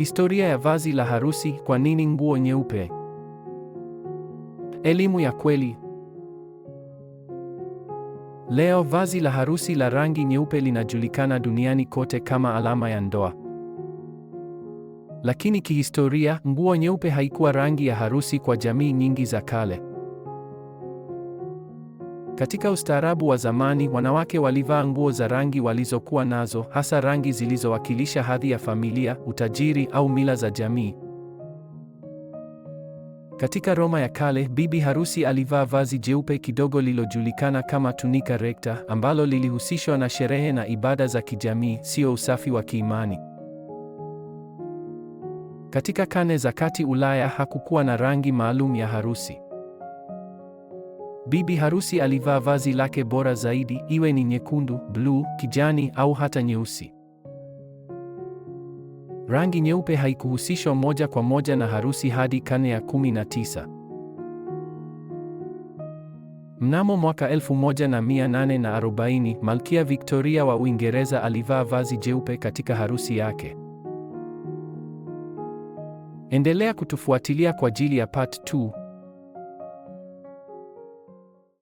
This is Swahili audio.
Historia ya vazi la harusi, kwa nini nguo nyeupe? Elimu ya kweli. Leo vazi la harusi la rangi nyeupe linajulikana duniani kote kama alama ya ndoa. Lakini kihistoria, nguo nyeupe haikuwa rangi ya harusi kwa jamii nyingi za kale. Katika ustaarabu wa zamani, wanawake walivaa nguo za rangi walizokuwa nazo, hasa rangi zilizowakilisha hadhi ya familia, utajiri au mila za jamii. Katika Roma ya kale, bibi harusi alivaa vazi jeupe kidogo lilojulikana kama tunika recta, ambalo lilihusishwa na sherehe na ibada za kijamii, sio usafi wa kiimani. Katika karne za kati Ulaya hakukuwa na rangi maalum ya harusi. Bibi harusi alivaa vazi lake bora zaidi, iwe ni nyekundu, bluu, kijani au hata nyeusi. Rangi nyeupe haikuhusishwa moja kwa moja na harusi hadi karne ya 19. Mnamo mwaka 1840, Malkia Victoria wa Uingereza alivaa vazi jeupe katika harusi yake. Endelea kutufuatilia kwa ajili ya part 2.